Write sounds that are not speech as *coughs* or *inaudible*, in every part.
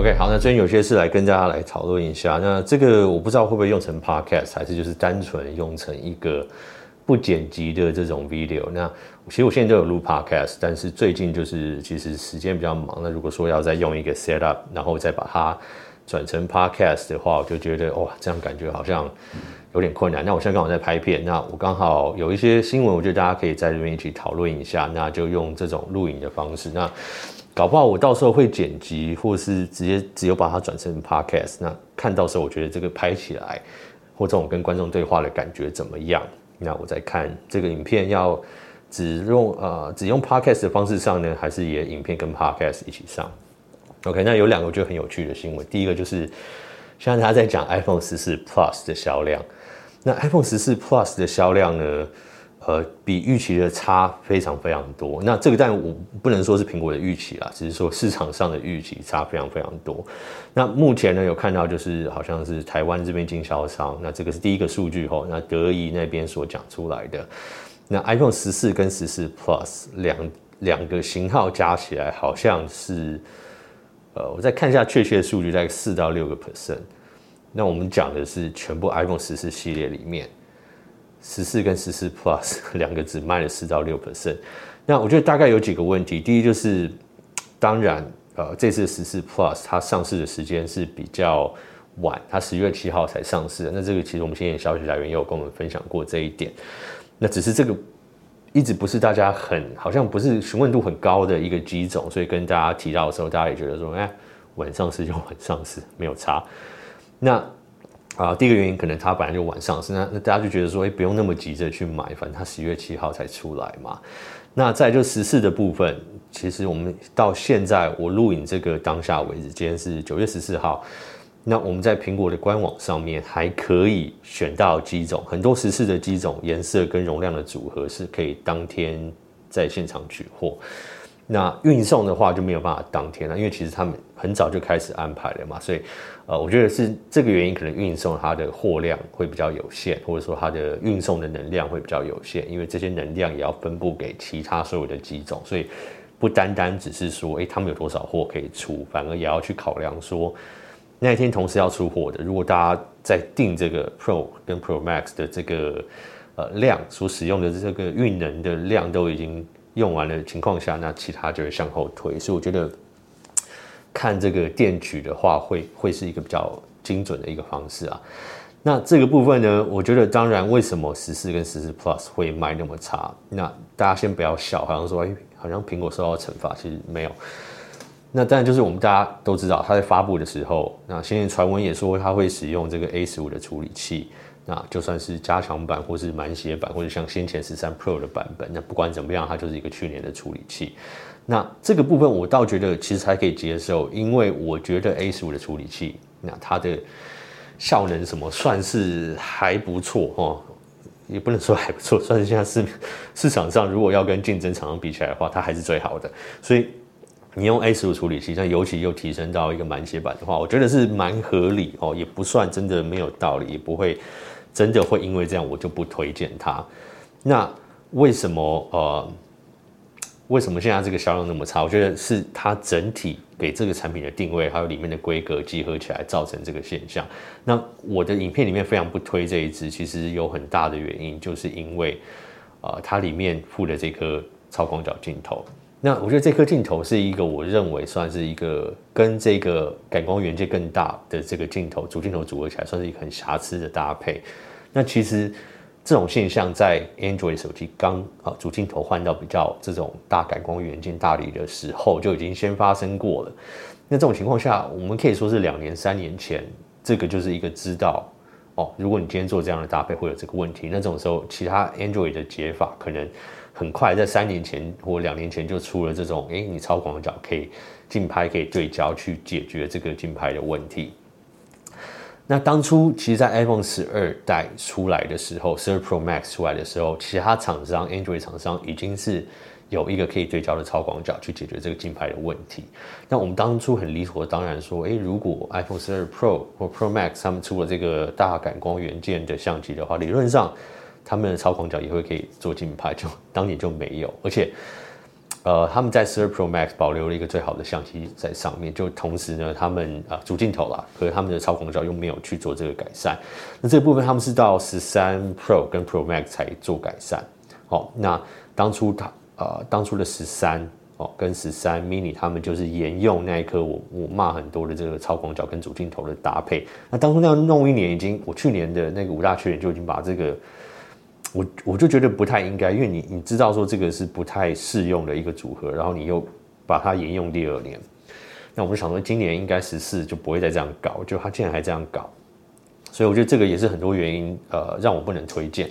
OK，好，那最近有些事來跟大家來討論一下。那這個我不知道會不會用成 Podcast，還是就是單純用成一個不剪輯的這種 video。那其實我現在都有錄 Podcast，但是最近就是其實時間比較忙。那如果說要再用一個 setup，然後再把它轉成 Podcast 的話，我就覺得哇，這樣感覺好像有點困難。那我現在剛好在拍片，那我剛好有一些新聞，我覺得大家可以在這邊一起討論一下。那就用這種錄影的方式。那。搞不好我到時候會剪輯，或是直接只有把它轉成 podcast。那看到時候，我覺得這個拍起來，或者我跟觀眾對話的感覺怎麼樣？那我再看這個影片要只用呃只用 podcast 的方式上呢，還是也影片跟 podcast 一起上？OK，那有兩個我覺得很有趣的新聞。第一個就是現在他在講 iPhone 14 Plus 的銷量。那 iPhone 14 Plus 的銷量呢？呃，比預期的差非常非常多。那這個，但我不能說是蘋果的預期啦，只是說市場上的預期差非常非常多。那目前呢，有看到就是好像是台灣這邊經銷商，那這個是第一個數據哦。那德儀那邊所講出來的，那 iPhone 十四跟十四 Plus 兩兩個型號加起來，好像是呃，我再看一下確切的數據大概，在四到六個 percent。那我們講的是全部 iPhone 十四系列裡面。十四跟十四 Plus 兩個只賣了四到六 percent。那我覺得大概有幾個問題。第一就是，當然，呃，這次十四 Plus 它上市的時間是比較晚，它十月七號才上市。那這個其實我們先前消息來源也有跟我們分享過這一點。那只是這個一直不是大家很好像不是詢問度很高的一個機種，所以跟大家提到的時候，大家也覺得說，哎，晚上市就晚上市，沒有差。那。啊、呃，第一個原因可能它本來就晚上市，那大家就覺得說，哎、欸，不用那麼急着去買，反正它十月七號才出來嘛。那再就十四的部分，其實我們到現在我錄影這個當下為止，今天是九月十四號，那我們在蘋果的官網上面還可以選到幾種很多十四的機種顏色跟容量的組合是可以當天在現場取貨。那運送的話就沒有辦法當天了，啊，因為其實他們很早就開始安排了嘛，所以，呃，我覺得是這個原因，可能運送它的貨量會比較有限，或者說它的運送的能量會比較有限，因為這些能量也要分布給其他所有的機種，所以不單單只是說，誒、欸，他們有多少貨可以出，反而也要去考量說，那一天同時要出貨的，如果大家在訂這個 Pro 跟 Pro Max 的這個呃量所使用的這個運能的量都已經。用完了情況下，那其他就會向後推，所以我覺得看這個電池的話會，會會是一個比較精準的一個方式啊。那這個部分呢，我覺得當然，為什麼十四跟十四 Plus 會賣那麼差？那大家先不要笑，好像說哎、欸，好像蘋果受到懲罰，其實沒有。那當然就是我們大家都知道，它在發布的時候，那現在傳聞也說它會使用這個 A 十五的處理器。那就算是加強版，或是滿血版，或者像先前十三 Pro 的版本，那不管怎麼樣，它就是一個去年的處理器。那這個部分我倒覺得其實還可以接受，因為我覺得 A15 的處理器，那它的效能什麼算是還不錯哦，也不能說還不錯，算是現在市市場上如果要跟競爭廠商比起來的話，它還是最好的，所以。你用 A 十五處理器，但尤其又提升到一個滿血版的話，我覺得是蠻合理哦，也不算真的沒有道理，也不會真的會因為這樣我就不推薦它。那為什麼呃為什麼現在這個銷量那麼差？我覺得是它整體給這個產品的定位，還有裡面的規格集合起來造成這個現象。那我的影片裡面非常不推這一支，其實有很大的原因，就是因為，呃，它裡面附的這顆超廣角鏡頭。那我覺得這顆鏡頭是一個，我認為算是一個跟這個感光元件更大的這個鏡頭主鏡頭組合起來，算是一個很瑕疵的搭配。那其實這種現象在 Android 手機剛啊主鏡頭換到比較這種大感光元件大理的時候，就已經先發生過了。那這種情況下，我們可以說是兩年、三年前，這個就是一個知道。哦，如果你今天做這樣的搭配，會有這個問題。那這種時候，其他 Android 的解法可能很快在三年前或兩年前就出了這種，誒、欸，你超廣角可以近拍，可以對焦，去解決這個近拍的問題。那當初其實，在 iPhone 十二代出來的時候，十二 Pro Max 出來的時候，其他廠商 Android 廠商已經是。有一個可以對焦的超廣角去解決這個近拍的問題。那我們當初很離譜的，當然說，誒，如果 iPhone 12 Pro 或 Pro Max 他們出了這個大感光元件的相機的話，理論上他們的超廣角也會可以做近拍，就當年就沒有。而且，呃，他們在12 Pro Max 保留了一個最好的相機在上面，就同時呢，他們啊、呃、主鏡頭啦，可是他們的超廣角又沒有去做這個改善。那這部分他們是到13 Pro 跟 Pro Max 才做改善。好，那當初他呃，當初的十三哦，跟十三 mini，他們就是沿用那一顆我我罵很多的這個超廣角跟主鏡頭的搭配。那當初那樣弄一年，已經我去年的那個五大缺點就已經把這個，我我就覺得不太應該，因為你你知道說這個是不太適用的一個組合，然後你又把它沿用第二年。那我們想說今年應該十四就不會再這樣搞，就他竟然還這樣搞，所以我覺得這個也是很多原因呃讓我不能推薦。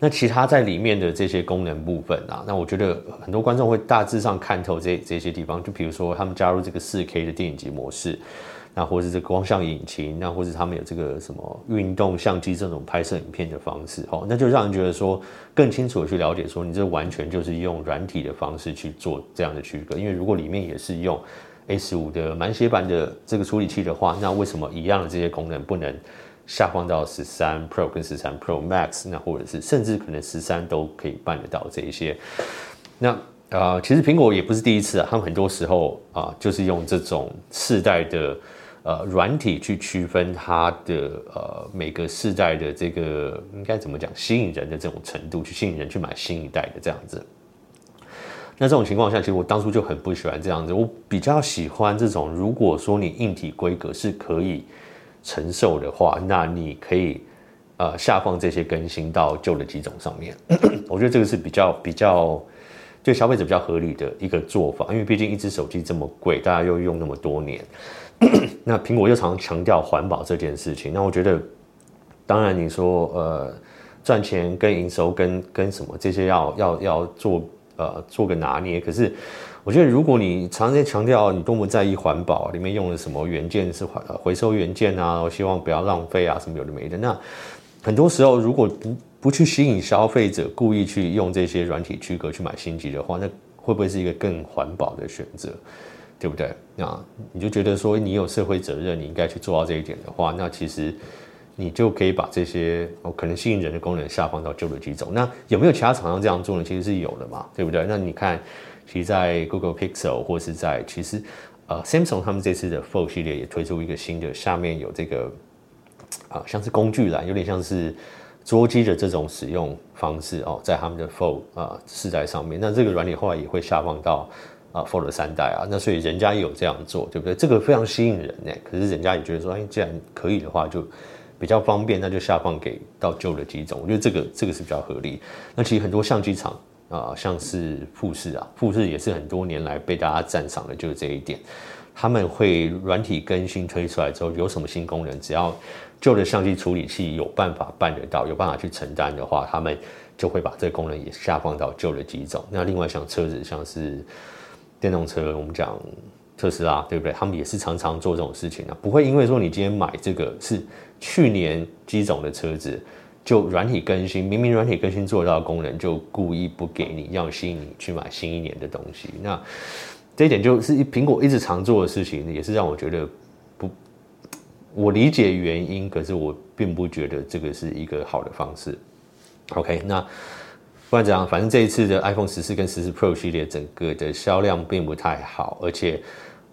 那其他在裡面的這些功能部分啊，那我覺得很多觀眾會大致上看透這這些地方，就比如說他們加入這個四 K 的電影級模式，那或者是這個光像引擎，那或是他們有這個什麼運動相機這種拍攝影片的方式，哦，那就讓人覺得說更清楚的去了解說，你這完全就是用軟體的方式去做這樣的區隔，因為如果裡面也是用 A 十五的滿血版的這個處理器的話，那為什麼一樣的這些功能不能？下放到十三 Pro 跟十三 Pro Max，那或者是甚至可能十三都可以辦得到這一些。那啊，呃，其實蘋果也不是第一次啊，他們很多時候啊，呃，就是用這種世代的呃軟體去區分它的呃每個世代的這個，應該怎麼講，吸引人的這種程度，去吸引人去買新一代的這樣子。那這種情況下，其實我當初就很不喜歡這樣子，我比較喜歡這種，如果說你硬體規格是可以。承受的話，那你可以，呃，下放這些更新到舊的機種上面。 *coughs* 我覺得這個是比較比較，對消費者比較合理的一個做法。因為畢竟一只手機這麼貴，大家又用那麼多年， *coughs* 那蘋果又常常強調環保這件事情。那我覺得，當然你說呃，賺錢跟營收跟跟什麼這些要要要做呃做個拿捏，可是。我覺得，如果你長期強調你多麼在意環保啊，裡面用了什麼元件是回回收元件啊，希望不要浪費啊，什麼有的沒的，那很多時候如果不不去吸引消費者，故意去用這些軟體區隔去買新機的話，那會不會是一個更環保的選擇？對不對？那你就覺得說你有社會責任，你應該去做到這一點的話，那其實你就可以把這些哦可能吸引人的功能下放到舊的機種。那有沒有其他廠商這樣做呢？其實是有的嘛，對不對？那你看。其實在 Google Pixel 或是在其實，呃，Samsung 他們這次的 Fold 系列也推出一個新的，下面有這個，啊、呃，像是工具欄，有點像是桌機的這種使用方式哦，在他們的 Fold 啊四代上面，那這個軟體後來也會下放到啊 Fold 三代啊，那所以人家也有這樣做，對不對？這個非常吸引人呢、欸，可是人家也覺得說，哎，既然可以的話就比較方便，那就下放給到舊的機種，我覺得這個這個是比較合理。那其實很多相機廠。啊，呃、像是富士啊，富士也是很多年來被大家讚賞的，就是這一點，他們會軟體更新推出來之後，有什麼新功能，只要舊的相機處理器有辦法辦得到，有辦法去承擔的話，他們就會把這功能也下放到舊的機種。那另外像車子，像是電動車，我們講特斯拉，對不對？他們也是常常做這種事情的、啊，不會因為說你今天買這個是去年機種的車子。就軟體更新，明明軟體更新做到的功能，就故意不給你，要吸引你去買新一年的東西。那這一點就是蘋果一直常做的事情，也是讓我覺得不，我理解原因，可是我並不覺得這個是一個好的方式。OK，那不管怎樣，反正這一次的 iPhone 14跟14 Pro 系列整個的銷量並不太好，而且。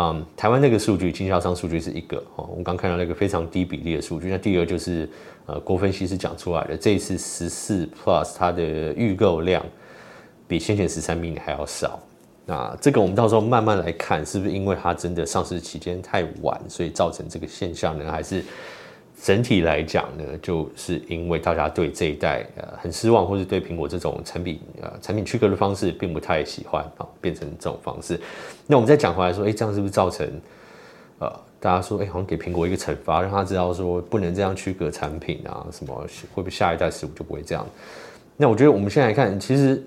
嗯，臺灣那個數據，經銷商數據是一個哦，我們剛看到那個非常低比例的數據。那第二個就是，呃，郭分析師講出來的，這一次十四 Plus 它的預購量比先前十三 mini 還要少。那這個我們到時候慢慢來看，是不是因為它真的上市期間太晚，所以造成這個現象呢，還是？整體來講呢，就是因為大家對這一代呃很失望，或是對蘋果這種產品呃產品區隔的方式並不太喜歡啊，變成這種方式。那我們再講回來說，哎、欸，這樣是不是造成呃大家說，哎、欸，好像給蘋果一個懲罰，讓他知道說不能這樣區隔產品啊？什麼會不會下一代十五就不會這樣？那我覺得我們現在來看，其實。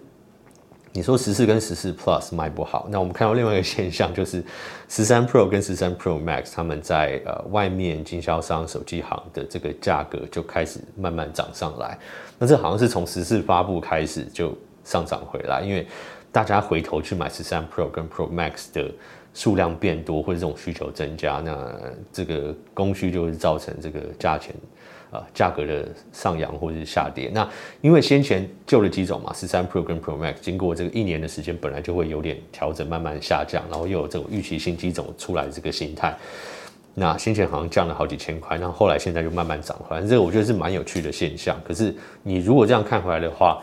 你說十四跟十四 Plus 賣不好，那我們看到另外一個現象就是，十三 Pro 跟十三 Pro Max 他們在呃外面經銷商手機行的這個價格就開始慢慢漲上來。那這好像是從十四發布開始就上漲回來，因為大家回頭去買十三 Pro 跟 Pro Max 的數量變多，或者這種需求增加，那這個供需就會造成這個價錢。啊，價格的上揚或者是下跌，那因為先前舊的機種嘛，十三 Pro 跟 Pro Max，經過這個一年的時間，本來就會有點調整，慢慢下降，然後又有這種預期新機種出來這個心態，那先前好像降了好幾千塊，那後，後來現在就慢慢漲，反正這個我覺得是蠻有趣的現象。可是你如果這樣看回來的話，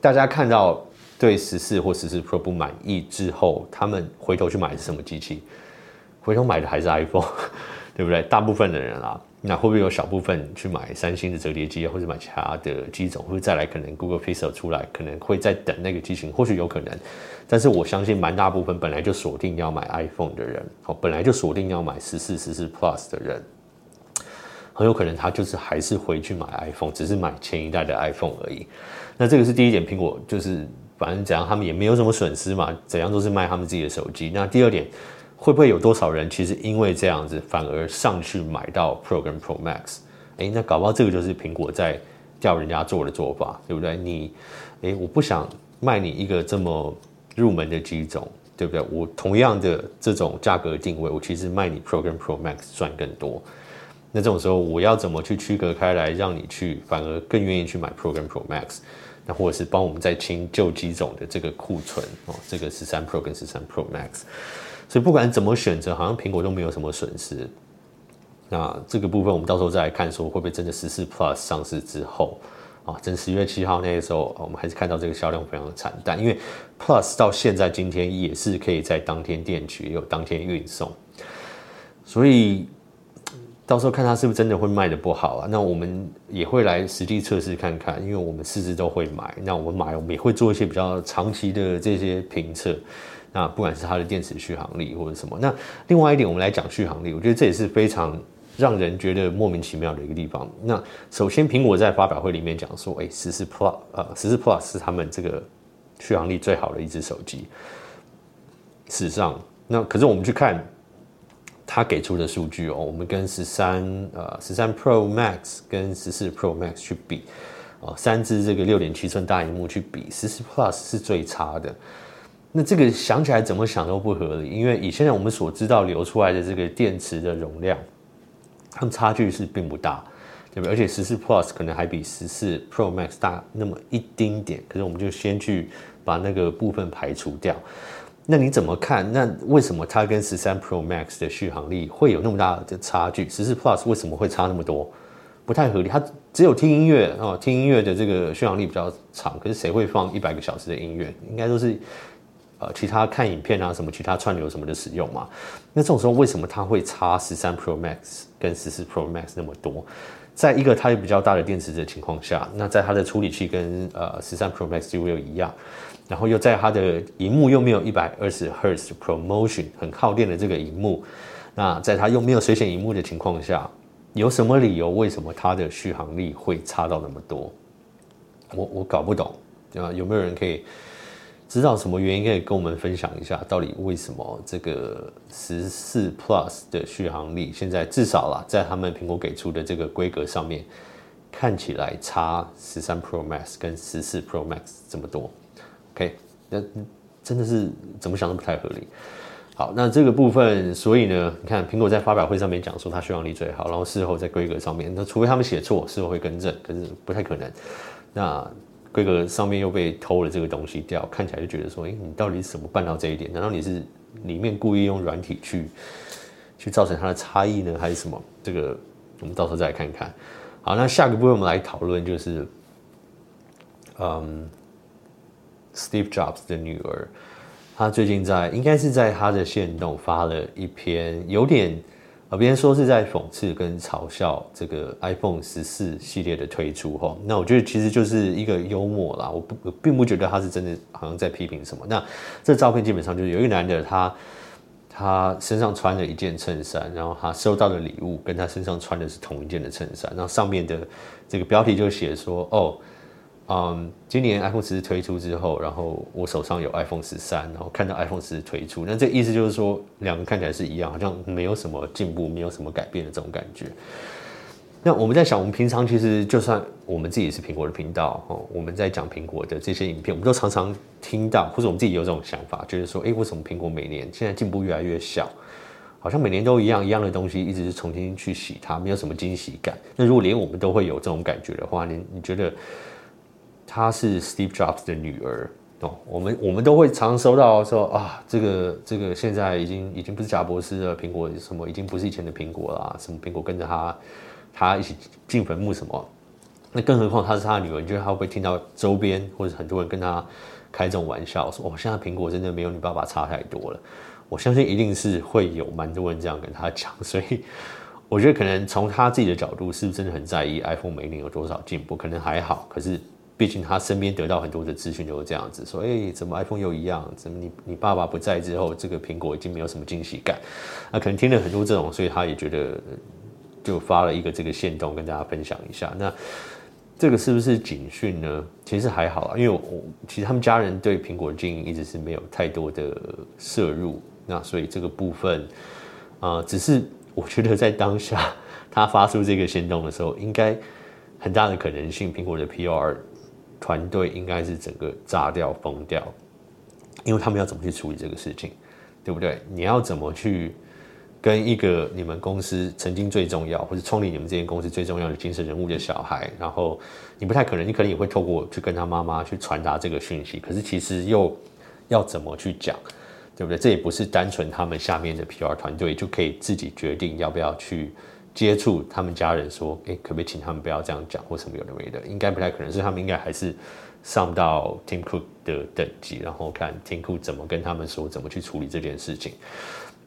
大家看到對十四或十四 Pro 不滿意之後，他們回頭去買的是什麼機器？回頭買的還是 iPhone， *laughs* 對不對？大部分的人啊。那會不會有小部分去買三星的摺疊機或者買其他的機種，會再來可能 Google Pixel 出來，可能會再等那個機型，或許有可能。但是我相信蠻大部分本來就鎖定要買 iPhone 的人，哦，本來就鎖定要買十四、十四 Plus 的人，很有可能他就是還是回去買 iPhone，只是買前一代的 iPhone 而已。那這個是第一點，蘋果就是反正怎樣，他們也沒有什麼損失嘛，怎樣都是賣他們自己的手機。那第二點。會不會有多少人其實因為這樣子，反而上去買到 Pro 跟 Pro Max？哎，那搞不好這個就是蘋果在叫人家做的做法，對不對？你，哎，我不想賣你一個這麼入門的機種，對不對？我同樣的這種價格定位，我其實賣你 Pro 跟 Pro Max 賺更多。那這種時候，我要怎麼去區隔開來，讓你去反而更願意去買 Pro 跟 Pro Max？或者是幫我們再清舊機種的這個庫存哦，這個十三 Pro 跟十三 Pro Max，所以不管怎麼選擇，好像蘋果都沒有什麼損失。那這個部分我們到時候再來看，說會不會真的十四 Plus 上市之後啊，等十月七號那個時候，我們還是看到這個銷量非常的慘淡，因為 Plus 到現在今天也是可以在當天店取，也有當天運送，所以。到時候看它是不是真的會賣得不好啊？那我們也會來實際測試看看，因為我們四次都會買。那我們買，我們也會做一些比較長期的這些評測。那不管是它的電池續航力或者什麼，那另外一點，我們來講續航力，我覺得這也是非常讓人覺得莫名其妙的一個地方。那首先，蘋果在發表會裡面講說，哎，十四 Plus 呃，十四 Plus 是他們這個續航力最好的一支手機。史上，那可是我們去看。他給出的數據哦，我們跟十三，呃，十三 Pro Max 跟十四 Pro Max 去比，哦三支這個六點七寸大熒幕去比，十四 Plus 是最差的。那這個想起來怎麼想都不合理，因為以現在我們所知道流出來的這個電池的容量，它們差距是並不大，對不對？而且十四 Plus 可能還比十四 Pro Max 大那麼一丁點，可是我們就先去把那個部分排除掉。那你怎麼看？那為什麼它跟十三 Pro Max 的續航力會有那麼大的差距？十四 Plus 為什麼會差那麼多？不太合理。它只有聽音樂啊、呃，聽音樂的這個續航力比較長。可是誰會放一百個小時的音樂？應該都是呃其他看影片啊，什麼其他串流什麼的使用嘛。那這種時候為什麼它會差十三 Pro Max 跟十四 Pro Max 那麼多？在一個它有比較大的電池的情況下，那在它的處理器跟呃十三 Pro Max 就有一樣。然後又在它的熒幕又沒有一百二十赫茲 ProMotion 很耗電的這個熒幕，那在它又沒有水顯熒幕的情況下，有什麼理由？為什麼它的續航力會差到那麼多？我我搞不懂，對吧？有沒有人可以知道什麼原因，可以跟我們分享一下，到底為什麼這個十四 Plus 的續航力現在至少啦，在他們蘋果給出的這個規格上面，看起來差十三 Pro Max 跟十四 Pro Max 這麼多？OK，那真的是怎麼想都不太合理。好，那這個部分，所以呢，你看蘋果在發表會上面講說它續航力最好，然後事後在規格上面，那除非他們寫錯，事後會更正，可是不太可能。那規格上面又被偷了這個東西掉，看起來就覺得說，誒、欸，你到底是怎麼辦到這一點？難道你是裡面故意用軟體去去造成它的差異呢，還是什麼？這個我們到時候再來看看。好，那下個部分我們來討論就是，嗯。Steve Jobs 的女兒，她最近在應該是在他的限動發了一篇有點，呃，別人說是在諷刺跟嘲笑這個 iPhone 十四系列的推出哈。那我覺得其實就是一個幽默啦，我不我並不覺得他是真的好像在批評什麼。那這照片基本上就是有一個男的他，他他身上穿了一件襯衫，然後他收到的禮物跟他身上穿的是同一件的襯衫，然後上面的這個標題就寫說哦。嗯，今年 iPhone 十四推出之後，然後我手上有 iPhone 十三，然後看到 iPhone 十四推出，那這意思就是說，兩個看起來是一樣，好像沒有什麼進步，沒有什麼改變的這種感覺。那我們在想，我們平常其實就算我們自己是蘋果的頻道哦，我們在講蘋果的這些影片，我們都常常聽到，或者我們自己有這種想法，就是說，哎，為什麼蘋果每年現在進步越來越小，好像每年都一樣一樣的東西，一直是重新去洗它，沒有什麼驚喜感。那如果連我們都會有這種感覺的話，你你覺得？她是 Steve Jobs 的女兒哦，oh, 我們我們都會常常收到說啊，這個這個現在已經已經不是賈伯斯的蘋果，什麼已經不是以前的蘋果啦，什麼蘋果跟着他他一起進墳墓什麼？那更何況他是他的女兒，你覺得他會不會聽到周邊或者很多人跟他開這種玩笑，說哦，現在蘋果真的沒有你爸爸差太多了？我相信一定是會有蠻多人這樣跟他講，所以我覺得可能從他自己的角度，是不是真的很在意 iPhone 每年有多少進步？可能還好，可是。畢竟他身邊得到很多的資訊，就是這樣子說：“以、哎、怎麼 iPhone 又一樣？怎麼你你爸爸不在之後，這個蘋果已經沒有什麼驚喜感？”他、啊、可能聽了很多這種，所以他也覺得就發了一個這個限動跟大家分享一下。那這個是不是警訊呢？其實還好啊，因為我其實他們家人對蘋果經營一直是沒有太多的涉入，那所以這個部分啊、呃，只是我覺得在當下他發出這個限動的時候，應該很大的可能性，蘋果的 PR。團隊應該是整個炸掉、封掉，因為他們要怎麼去處理這個事情，對不對？你要怎麼去跟一個你們公司曾經最重要，或者創立你們這間公司最重要的精神人物的小孩？然後你不太可能，你可能也會透過去跟他媽媽去傳達這個訊息。可是其實又要怎麼去講，對不對？這也不是單純他們下面的 PR 團隊就可以自己決定要不要去接觸他們家人說：“哎、欸，可不可以請他們不要這樣講，或什麼有的沒的？應該不太可能，是。他們應該還是上到 Tim Cook 的等級，然後看 Tim Cook 怎麼跟他們說，怎麼去處理這件事情。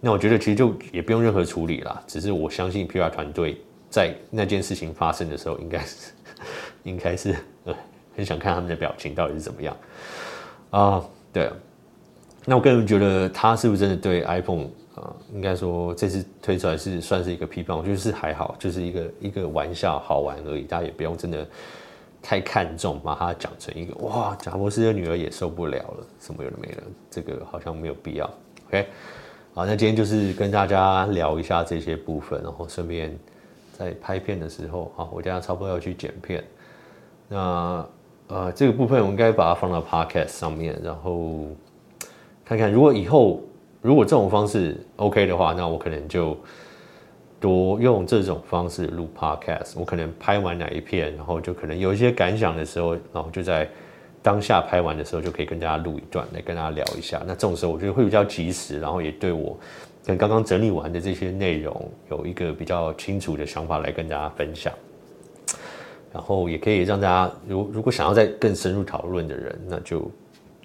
那我覺得其實就也不用任何處理啦，只是我相信 PR 團隊在那件事情發生的時候應，應該是應該是呃很想看他們的表情到底是怎麼樣啊、呃？對，那我個人覺得他是不是真的對 iPhone？” 應該說這次推出來是算是一個批判，我覺得是還好，就是一個一個玩笑，好玩而已，大家也不用真的太看重，把它講成一個哇，賈伯斯的女兒也受不了了，什麼有的沒的，這個好像沒有必要。OK，好，那今天就是跟大家聊一下這些部分，然後順便在拍片的時候，好，我今天差不多要去剪片，那呃這個部分我們應該把它放到 Podcast 上面，然後看看如果以後。如果這種方式 OK 的話，那我可能就多用這種方式錄 Podcast。我可能拍完哪一片，然後就可能有一些感想的時候，然後就在當下拍完的時候，就可以跟大家錄一段，來跟大家聊一下。那這種時候，我覺得會比較及時，然後也對我跟剛剛整理完的這些內容有一個比較清楚的想法來跟大家分享。然後也可以讓大家，如如果想要再更深入討論的人，那就。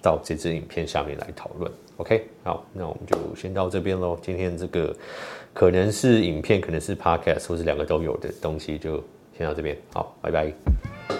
到這支影片下面來討論，OK，好，那我們就先到這邊咯。今天這個可能是影片，可能是 Podcast，或是兩個都有的東西，就先到這邊。好，拜拜。